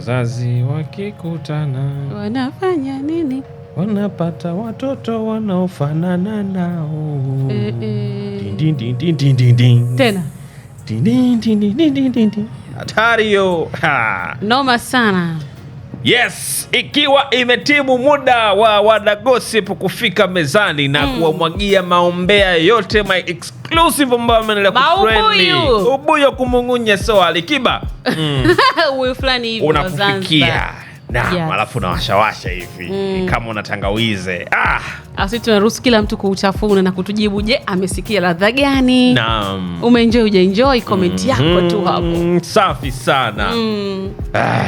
Wazazi wakikutana wanafanya nini? Wanapata watoto wanaofanana nao. Eh, Noma sana. Yes, ikiwa imetimu muda wa wanagosip kufika mezani na mm, kuwamwagia maombea yote my ex exclusive ambayo ameendelea kufrendi ubuyu kumung'unya so alikiba mm. unakufikia Naam, yes. nawashawasha hivi mm. kama unatangawize ah. Asi tunaruhusu kila mtu kuuchafuna na kutujibu, je, amesikia ladha gani? Naam, umeenjoy ujaenjoy, Comment mm yako tu hapo. Mm, safi sana mm. ah.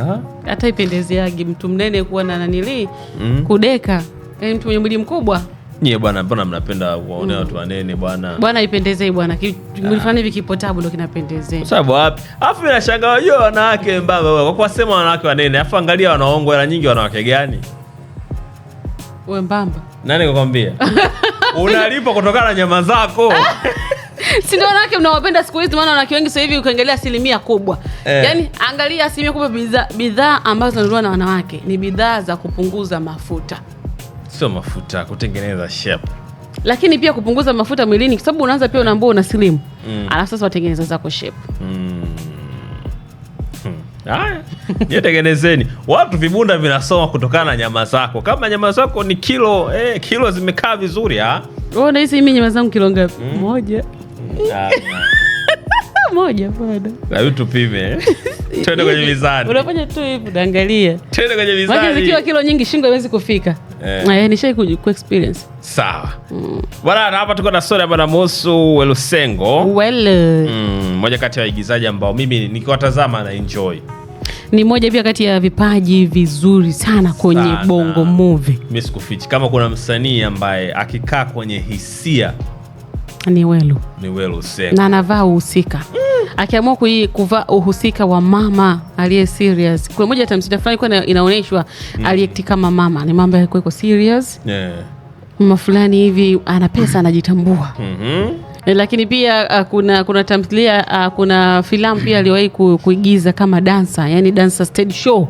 ah. Hata ipendezeagi mtu mnene kuwa na nanili mm. kudeka, e, mtu mwenye mwili mkubwa Nye bwana, mbona mnapenda kuwaonea watu wanene bwana? Bwana ipendeze bwana, ah. mlifanya hivi kipotabu kinapendeze. Sababu wapi? Alafu nashangaa wajua wanawake mbaba wewe. Kwa kuwasema wanawake wanene, afu angalia wanaongwa hela nyingi wanawake gani? Wewe mbamba. Nani kakwambia? Unalipa kutokana na nyama zako. Si ndio wanawake mnawapenda siku hizi, maana wanawake wengi sasa hivi ukiangalia asilimia kubwa eh. Yaani angalia asilimia kubwa bidhaa ambazo zinunuliwa na wanawake ni bidhaa za kupunguza mafuta sio mafuta, kutengeneza shape lakini pia kupunguza mafuta mwilini, kwa sababu unaanza pia unaambua una slim mm. alafu sasa watengeneza zako shape mm. Hmm. Haya, nyetengenezeni watu, vibunda vinasoma kutokana na nyama zako. Kama nyama zako ni kilo eh, kilo zimekaa vizuri, ah. unahisi mimi nyama zangu kilo ngapi? mm. moja moja bado, labda tupime, eh. twende kwenye mizani. Unafanya tu hivi, angalia, twende kwenye mizani, zikiwa kilo nyingi shingo haiwezi kufika Eh, eh, nishai Sawa. Mm. Bwana hapa tuko na story bwana Musu Welusengo. Well. Eh, mm, moja kati ya waigizaji ambao mimi nikiwatazama na enjoy. Ni moja pia kati ya vipaji vizuri sana kwenye sana. Bongo movie. Mimi sikufichi kama kuna msanii ambaye akikaa kwenye hisia ni Welu. Ni Welu Sengo. Na anavaa uhusika. Mm akiamua kuvaa uhusika wa mama aliye serious. Kuna moja tamthilia fulani ilikuwa inaonyeshwa mm. aliact kama mama, ni mambo yalikuwa iko serious yeah. mama fulani hivi ana pesa anajitambua mm -hmm. lakini pia uh, kuna kuna tamthilia uh, kuna filamu pia aliwahi ku, kuigiza kama dansa, yani dansa stage show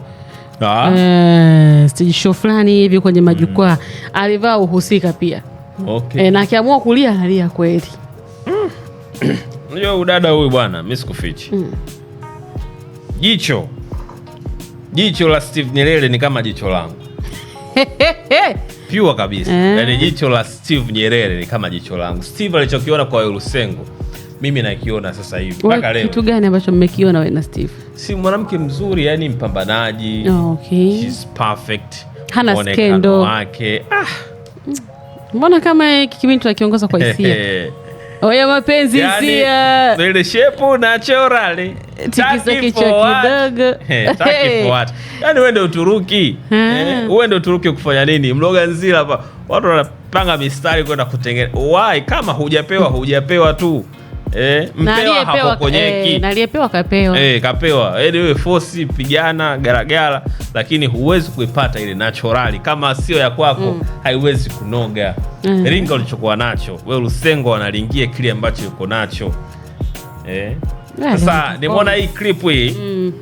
ah. E, stage show fulani hivi kwenye mm. majukwaa mm. alivaa uhusika pia okay. E, na akiamua kulia analia kweli mm. Unajua udada huyu bwana, mi sikufichi mm. jicho jicho la Steve Nyerere ni kama jicho langu pyua kabisa mm. Eh. yani jicho la Steve Nyerere ni kama jicho langu. Steve alichokiona kwa Olusengo mimi nakiona sasa hivi mpaka leo. Kitu gani ambacho mmekiona wewe na Steve? Si mwanamke mzuri, yani mpambanaji. Oh, okay. She's perfect. Hana skendo wake. Ah. Mm. Mbona kama kikimintu akiongoza kwa hisia Oya mapenzi yani, ile shepu naturally tikisa kichwa kidogo yani uende Uturuki eh, uende Uturuki kufanya nini? Mloga nzila hapa, watu wanapanga mistari kwenda kutengeneza why, kama hujapewa hujapewa tu eh, mpewa kwenye eh, naliyepewa kapewa eh, kapewa yani wewe force pigana garagara, lakini huwezi kuipata ile naturali kama sio ya kwako mm. haiwezi kunoga mm. ringa ulichokuwa nacho we Lusengo wanalingia kile ambacho yuko nacho eh. Sasa nimeona hii clip hii mm.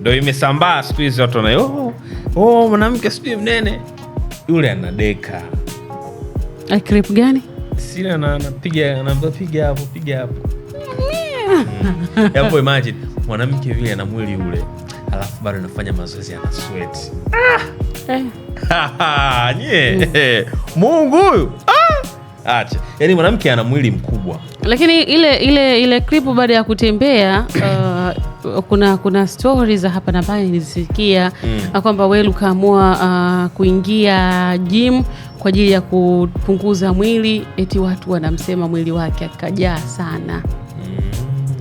ndo imesambaa siku hizi watu wanayo oh, oh, oh mwanamke sijui mnene yule anadeka. Eh, clip gani? Sina anapiga piga hapo piga hapo hapo. Mm. Imagine mwanamke vile ana mwili ule, alafu bado anafanya mazoezi ana sweat. Ah, nye Mungu huyu ah. acha. Yaani mwanamke ana mwili mkubwa, lakini ile ile ile clip baada ya kutembea uh, kuna kuna stori za hapa na pale nilisikia mm, kwamba wewe ukaamua uh, kuingia gym kwa ajili ya kupunguza mwili, eti watu wanamsema mwili wake akajaa sana.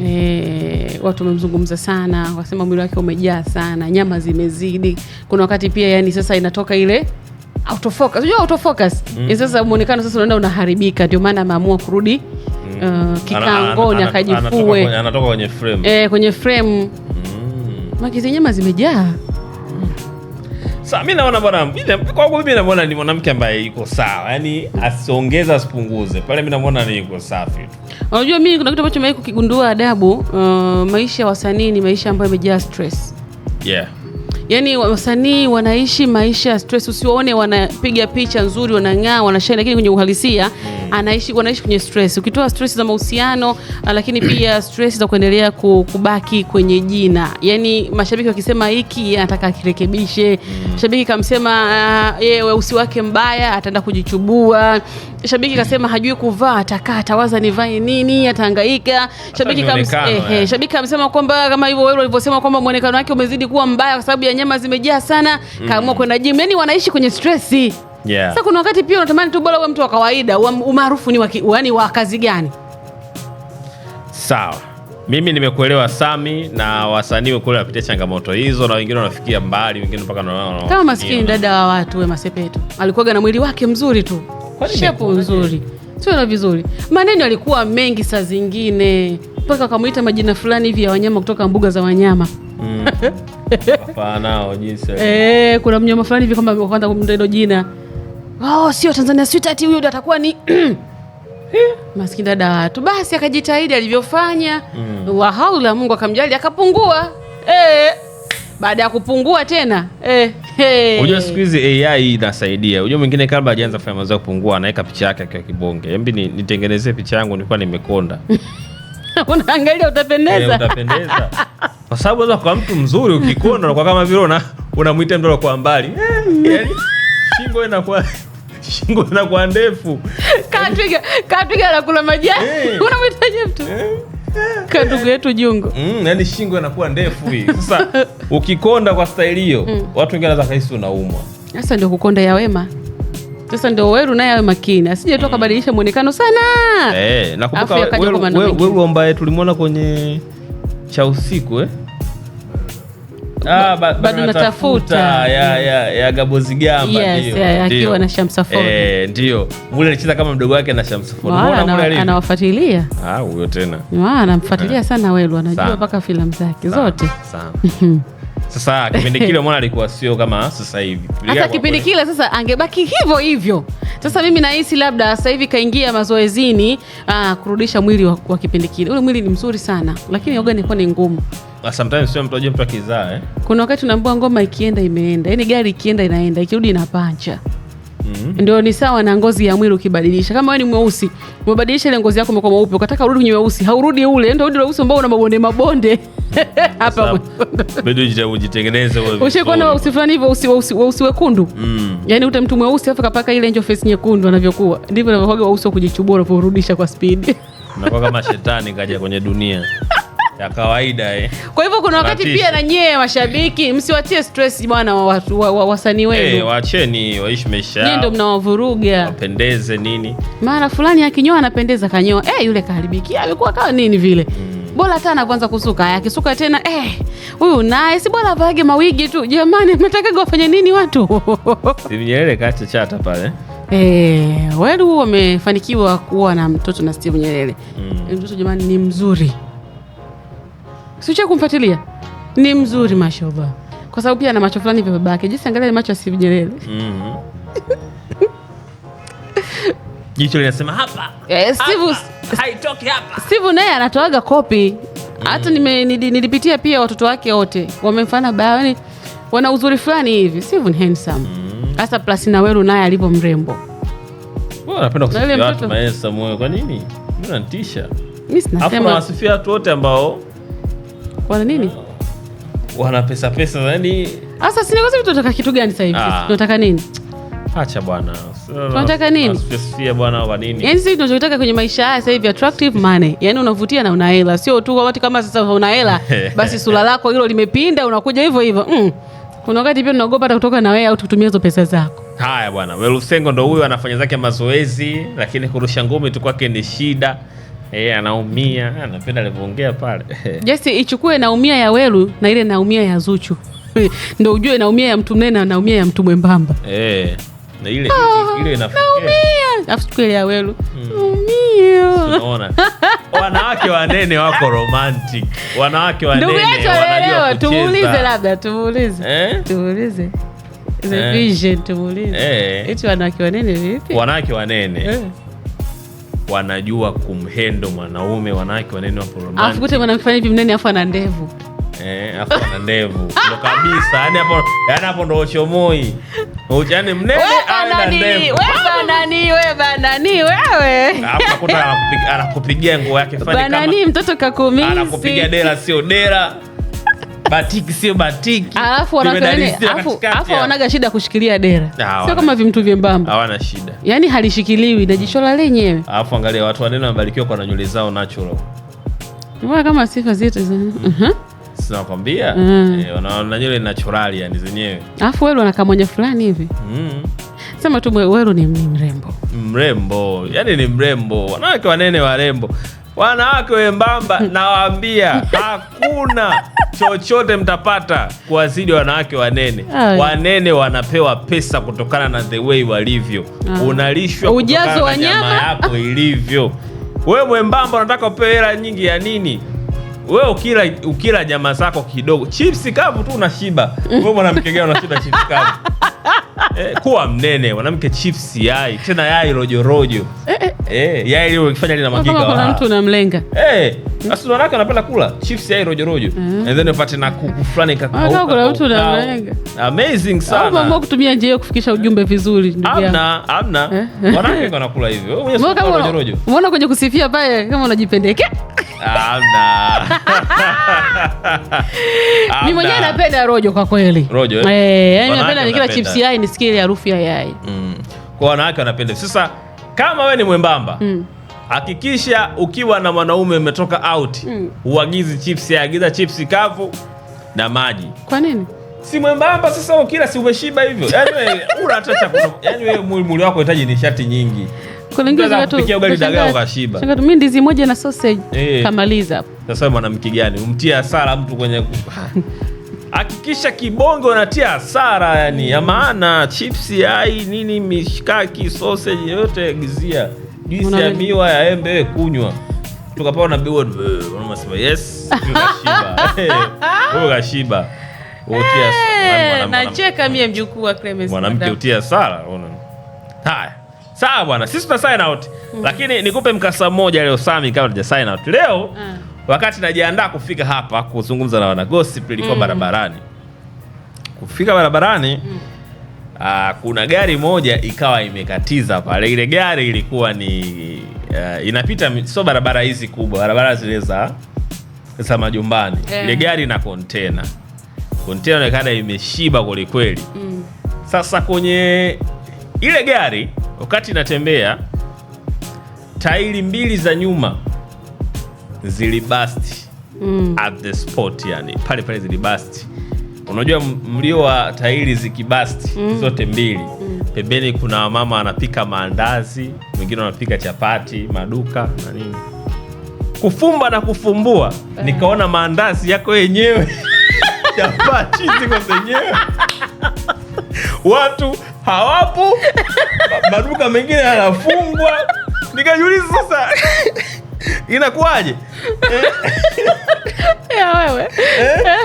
E, watu wamemzungumza sana, wasema mwili wake umejaa sana, nyama zimezidi. Kuna wakati pia yani sasa inatoka ile autofocus, unajua autofocus mm. Eh, sasa mwonekano sasa unaenda unaharibika, ndio maana ameamua kurudi mm. uh, kikangoni akajifue, anatoka kwenye frame kwenye frame mm. Makizi nyama zimejaa sasa mi naona bwana, mimi naona ni mwanamke ambaye yuko sawa, yani asiongeze asipunguze pale, mi naona ni yuko safi. Unajua, mii kuna kitu ambacho mimi kukigundua adabu, uh, maisha ya wasanii ni maisha ambayo yamejaa stress. Yeah yani wasanii wanaishi maisha ya stress. Usiwaone wanapiga picha nzuri, wanang'aa, wanashine, lakini kwenye uhalisia mm. anaishi wanaishi kwenye stress. Ukitoa stress za mahusiano, ah, lakini pia stress za kuendelea kubaki kwenye jina, yani mashabiki wakisema hiki anataka akirekebishe, mashabiki mm. kamsema ah, yeye uh, weusi wake mbaya, ataenda kujichubua Shabiki kasema hajui kuvaa, atakaa atawaza nivae nini, atahangaika. Shabiki kamsema eh, eh, shabiki kwamba kama hivyo wewe ulivyosema kwamba muonekano wake umezidi kuwa mbaya kwa sababu ya nyama zimejaa sana, mm. kaamua kwenda gym. Yani wanaishi kwenye stress. Yeah. Sasa kuna wakati pia unatamani tu bora uwe mtu wa kawaida, umaarufu ni yaani wa kazi gani? Sawa. Mimi nimekuelewa Sami, na wasanii wekule wanapitia changamoto hizo, na wengine wanafikia mbali, wengine mpaka kama maskini dada wa watu We Sepetu alikuwaga na mwili wake mzuri tu shepu nzuri, tuona vizuri. Maneno yalikuwa mengi saa zingine mpaka akamwita majina fulani hivi ya wanyama kutoka mbuga za wanyama. Mm. jinsi. E, kuna mnyama fulani hivi kwamba kwanza kumta hilo jina oh, sio Tanzania sweetheart huyo ndo atakuwa ni maskini dada watu. Basi akajitahidi alivyofanya, mm. wahaula Mungu akamjali akapungua e baada ya kupungua tena eh, hey. Eh. Unajua siku hizi AI inasaidia. Unajua mwingine kabla hajaanza kufanya mazoezi kupungua anaweka picha yake akiwa kibonge, hebu nitengenezee picha yangu nilikuwa nimekonda Unaangalia, utapendeza, eh, utapendeza kwa sababu unaweza kwa mtu mzuri ukikonda unakuwa kama vile unamwita mtu kwa mbali, eh, shingo inakuwa shingo inakuwa ndefu, kaa twiga, anakula majani, unamwitaje mtu kandugu yetu Jungu. Mm, yani shingo inakuwa ndefu hii. Sasa ukikonda kwa staili hiyo mm, watu wengine wanaweza kahisi unaumwa. Sasa ndio kukonda ya wema. Sasa ndio Weru naye awe makini asije tu mm. akabadilisha mm, mwonekano sana. hey, eh, nakumbuka Weru ambaye tulimwona kwenye cha usiku eh ah, ba, bado natafuta ya, ya, ya akiwa na eh, ndio mule alicheza kama mdogo wake na Shamsafoni, anawafuatilia ah, huyo tena, anamfuatilia eh. sana Welu, anajua mpaka filamu zake zote Sasa kipindi kile mwana alikuwa sio kama sasa hivi. Hata kipindi kile sasa angebaki hivyo hivyo. Sasa mimi nahisi labda sasa hivi kaingia mazoezini, ah, kurudisha mwili wa, wa kipindi kile. Ule mwili ni mzuri sana, lakini ogani kwa ni ngumu. Ah, sometimes sio mtu aje mtu akizaa eh. Kuna wakati unaambiwa ngoma ikienda imeenda, yaani gari ikienda inaenda, ikirudi inapancha. Mm -hmm. Ndio ni sawa na ngozi ya mwili ukibadilisha. Kama wewe ni mweusi, umebadilisha ile ngozi yako imekuwa mweupe, ukataka urudi kwenye mweusi, haurudi ule, ndio urudi mweusi ambao una mabonde mabonde. Hapa bado hujitengeneza wewe. Ushakuwa na weusi fulani hivyo usi weusi weusi wekundu. Mm. Yaani uta mtu mweusi afa kapaka ile angel face nyekundu anavyokuwa. Ndivyo anavyokuwa weusi kujichubua unaporudisha kwa speed. Unakuwa kama shetani kaja kwenye dunia ya kawaida eh. Kwa hivyo kuna wakati Ratisha. Pia na nyie mashabiki msiwatie stress bwana wasanii wa, wa, eh, wenu hey, waacheni waishi maisha yao. Ndio mnawavuruga wapendeze nini, mara fulani akinyoa anapendeza kanyoa hey, eh, yule kaharibikia amekuwa kawa nini vile mm. Bora hata anaanza kusuka haya akisuka tena eh, huyu eh, naye si bora avage mawigi tu. Jamani, mnatakaga wafanye nini watu? si Nyerere kachachata pale eh, welu wamefanikiwa kuwa na mtoto na Steve Nyerere mm. Mtoto jamani ni mzuri Sicha kumfuatilia ni mzuri mashallah, kwa sababu pia ana macho fulani vya babake. Jinsi angalia macho ya Steve Nyerere. Mhm. Jicho linasema hapa. Eh, Steve haitoki hapa. Steve naye anatoaga kopi. Mm. Hata mm -hmm. nime nilipitia pia watoto wake wote wamemfana baya, yani wana uzuri fulani hivi. Steve ni handsome. Mm. Hasa -hmm. plus na Weru naye alivyo mrembo. Wewe unapenda kusifia watu handsome wewe, kwa nini? Mbona nitisha? Mimi sinasema. Hapo unasifia watu wote ambao wana nini? Wana pesa pesa, yani sasa sinakosa. Tunataka kitu gani sasa hivi? Tunataka ah. nini? Acha bwana, tunataka nini? bwana wa nini? Yani sisi tunachotaka kwenye maisha haya sasa hivi attractive money, yani unavutia na una hela, sio tu wakati kama sasa una hela basi sura lako hilo limepinda, unakuja hivyo hivyo mm. Kuna wakati pia tunaogopa hata kutoka na wewe au tutumie hizo pesa zako. Haya bwana, Welusengo ndo huyo anafanya zake mazoezi, lakini kurusha ngumi tu kwake ni shida. Eh, anaumia, anapenda ah, alivyoongea pale. Yes, ichukue naumia ya Welu na ile naumia ya Zuchu. Ndio ujue naumia ya mtu mnene na naumia ya mtu mwembamba. Eh. Na ile oh, ile inafikia. Naumia. Afu siku ya Welu. Hmm. Naumia. Unaona? Wanawake wanene wako romantic. Wanawake wanene wanajua. Tumuulize labda, tumuulize. Eh? Tumuulize. Eh. Vision tumuulize. Eh. Eti wanawake wanene vipi? Wanawake wanene. Eh wanajua kumhendo mwanaume, wanawake wanene wapo romantic. mwanamfanya hivi mnene afu ana ndevu Eh, afu ana ndevu ndo kabisa. Yani hapo yani hapo ndo yaani mnene ana ndevu. Wewe banani, wewe banani, wewe. Hapo anakupigia nguo yake kama. Banani mtoto kakumisi. Anakupigia dera sio dera batiki sio batiki. Alafu wanaga shida kushikilia dera, sio kama vimtu vyembamba, hawana shida, yani halishikiliwi najishola lenyewe. Alafu angalia watu wanene wamebarikiwa kwa na nywele zao natural, mbona kama sifa zetu sinakwambia eh, na nywele naturali yani zenyewe. Alafu Welu kamonya fulani hivi mm. Sema tu Welu ni mrembo, mrembo yani ni mrembo, wanawake wanene warembo wanawake wembamba, nawaambia hakuna chochote mtapata kuwazidi wanawake wanene. Ay. Wanene wanapewa pesa kutokana na the way walivyo. Awe. Unalishwa ujazo wa nyama yako ilivyo. Wewe mwembamba unataka upewe hela nyingi ya nini? we ukila ukila nyama zako kidogo, chipsi kavu tu unashiba. Wewe mwanamke gani unashinda chipsi kavu? Eh, kuwa mnene mwanamke chips yai tena yai rojorojo eh, eh. Eh, yai lile ukifanya lina magiga kuna ah. mtu unamlenga eh basi wanawake anapenda kula chips yai rojorojo eh. and then upate na kuku fulani kakauka ah, kuna mtu unamlenga amazing sana kama mambo kutumia njia hiyo kufikisha ujumbe vizuri ndugu amna hamna hamna eh. wanawake wanakula hivyo wewe mwenyewe unakula rojorojo umeona kwenye kusifia pale kama unajipendeke amna Mimi mwenyewe napenda rojo kwa kweli. Rojo eh. Eh, yani napenda nikila chips nikigusa yai nisikie ile harufu ya yai. Mm. Kwa wanawake wanapenda. Sasa kama we ni mwembamba mm. hakikisha mm. ukiwa na mwanaume umetoka out mm. Uagizi chipsi, agiza chipsi kavu na maji. Kwa nini? Si mwembamba sasa, ukila si umeshiba hivyo. Yaani wewe ula hata chakula. Yaani wewe mwili wako unahitaji nishati nyingi. Kuna ingine za kupikia ugali dagaa ukashiba. Shangazi, mimi ndizi moja na sausage eh. kamaliza. Sasa mwanamke gani? Umtia sala mtu kwenye ah hakikisha kibonge natia hasara yani ya maana, chipsi, ai nini, mishkaki sausage yote gizia juisi ya miwa ya embe, wewe kunywa tukapaa na biwa unasema yes, kashiba wewe kashiba nacheka mie mjukuu wa Clemens mwanamke utia sala. Haya, sawa bwana, sisi tuna sign out, mm. lakini nikupe mkasa mmoja leo Sami, kama tuja sign out leo uh wakati najiandaa kufika hapa kuzungumza na wanagosip ilikuwa mm. barabarani. Kufika barabarani mm. aa, ah, kuna gari moja ikawa imekatiza pale. Ile gari ilikuwa ni uh, inapita sio barabara hizi kubwa, barabara zile za za majumbani yeah. Ile gari na kontena kontena inaonekana imeshiba kwelikweli mm. Sasa kwenye ile gari wakati inatembea, tairi mbili za nyuma zilibasti mm. at the spot, yani pale pale zilibasti. Unajua mlio wa tairi zikibasti mm. zote mbili mm. pembeni kuna mama anapika maandazi, mwingine anapika chapati, maduka na nini, kufumba na kufumbua uh. nikaona maandazi yako yenyewe chapati ziko zenyewe watu hawapo, maduka mengine yanafungwa. nikajuliza sasa inakuwaje? wewe eh?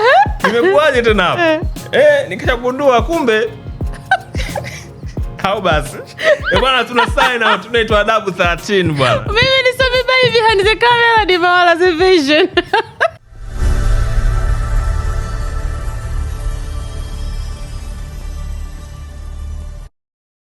imekuwaje tena hapo? Eh, eh nikishagundua kumbe au basi eh, bwana, tuna sign out, tunaitwa adabu 13 bwana. Mimi ni Sami Baivi the camera Dimawala Vision.